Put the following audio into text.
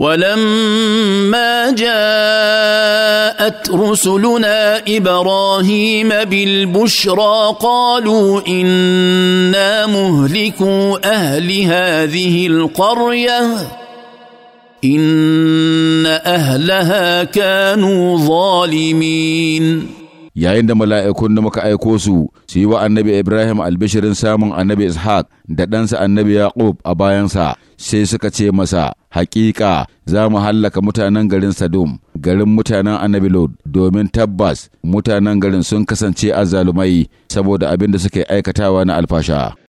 ولما جاءت رسلنا ابراهيم بالبشرى قالوا انا مهلكوا اهل هذه القريه ان اهلها كانوا ظالمين yayin da mala'ikun da muka aiko su su yi wa annabi Ibrahim albishirin samun annabi Ishaq da ɗansa annabi Yaqub a bayansa sai suka ce masa hakika za mu hallaka mutanen garin Sadum garin mutanen annabi Lod domin tabbas mutanen garin sun kasance azzalumai saboda abin da suke aikatawa na alfasha.